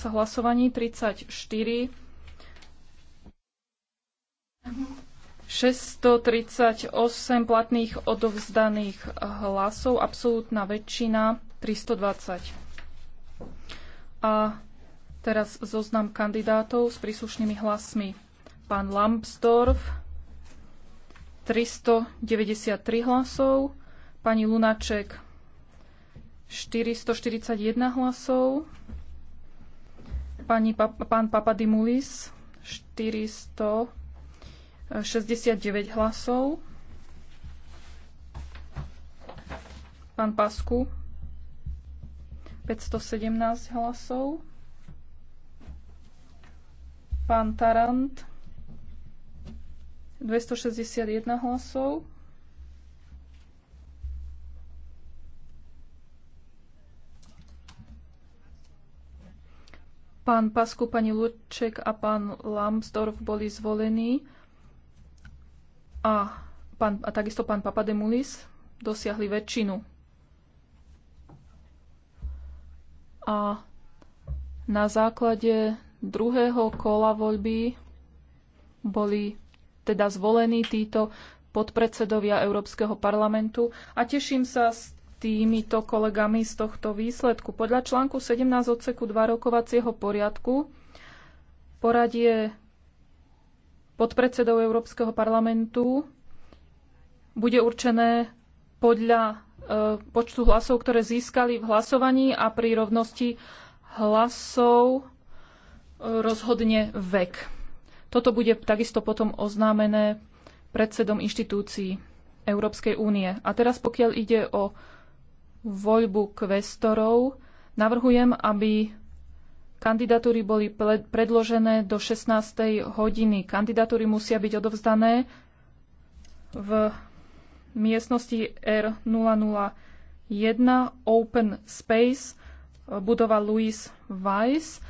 sa hlasovaní 34 638 platných odovzdaných hlasov, absolútna väčšina 320. A teraz zoznam kandidátov s príslušnými hlasmi. Pán Lambsdorf 393 hlasov, pani Lunaček 441 hlasov, pani, pán Papadimulis 469 eh, hlasov. Pán Pasku 517 hlasov. Pán Tarant 261 hlasov. Pán Pasku, pani Lurček a pán Lambsdorff boli zvolení a, pán, a takisto pán Papademulis dosiahli väčšinu. A na základe druhého kola voľby boli teda zvolení títo podpredsedovia Európskeho parlamentu a teším sa z týmito kolegami z tohto výsledku. Podľa článku 17 odseku 2 rokovacieho poriadku poradie podpredsedov Európskeho parlamentu bude určené podľa e, počtu hlasov, ktoré získali v hlasovaní a pri rovnosti hlasov e, rozhodne vek. Toto bude takisto potom oznámené predsedom inštitúcií Európskej únie. A teraz pokiaľ ide o voľbu kvestorov navrhujem, aby kandidatúry boli predložené do 16. hodiny. Kandidatúry musia byť odovzdané v miestnosti R001 Open Space budova Louis Weiss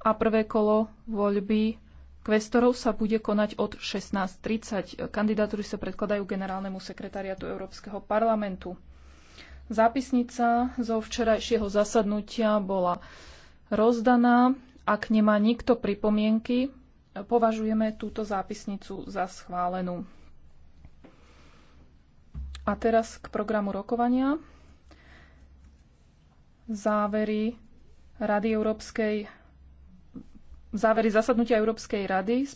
a prvé kolo voľby Kvestorov sa bude konať od 16.30. Kandidatúry sa predkladajú generálnemu sekretariatu Európskeho parlamentu. Zápisnica zo včerajšieho zasadnutia bola rozdaná. Ak nemá nikto pripomienky, považujeme túto zápisnicu za schválenú. A teraz k programu rokovania. Závery Rady Európskej závery zasadnutia Európskej rady z